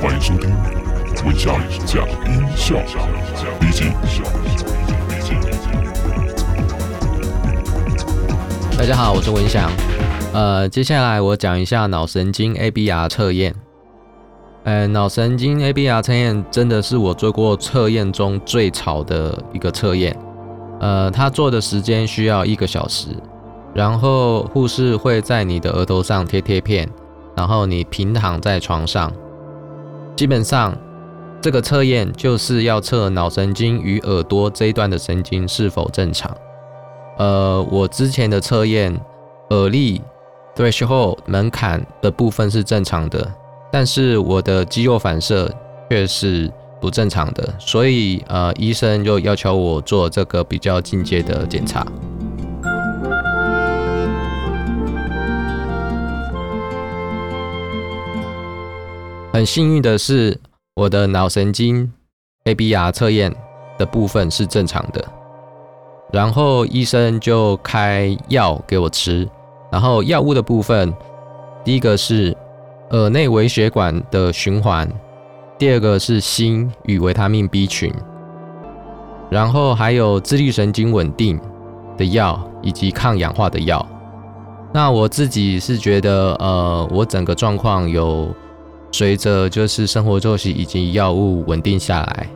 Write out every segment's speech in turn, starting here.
歡迎收聽文祥講音，大家好，我是文祥。呃，接下來我講一下腦神經 ABR 測驗。呃，腦神經 ABR 測驗真的是我做過測驗中最吵的一個測驗。呃，它做的時間需要一個小時，然後護士會在你的額頭上貼貼片，然後你平躺在床上。基本上，這個測驗就是要測腦神經與耳朵這一段的神經是否正常。呃，我之前的測驗耳力 threshold 門檻的部分是正常的，但是我的肌肉反射卻是不正常的，所以呃，醫生就要求我做這個比較進階的檢查。很幸運的是，我的腦神經 ABR 測驗的部分是正常的。然後醫生就開藥給我吃。然後藥物的部分，第一個是耳內微血管的循環，第二個是鋅與維他命 B 群，然後還有自律神經穩定的藥以及抗氧化的藥。那我自己是覺得，呃，我整個狀況有。隨着就是生活作息以及藥物穩定下來，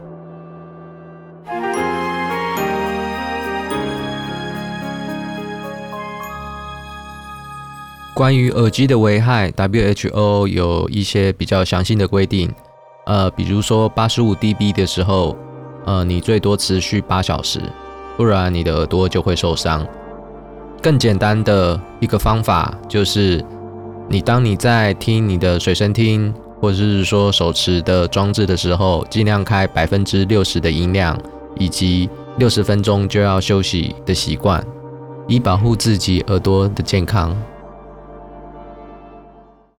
關於耳機的危害，WHO 有一些比較詳細的規定，呃，比如說八十五 dB 的時候，呃，你最多持續八小時，不然你的耳朵就會受傷。更簡單的一個方法就是，你當你在聽你的隨身聽。或者是說手持的裝置的時候，盡量開百分之六十的音量，以及六十分鐘就要休息的習慣，以保護自己耳朵的健康。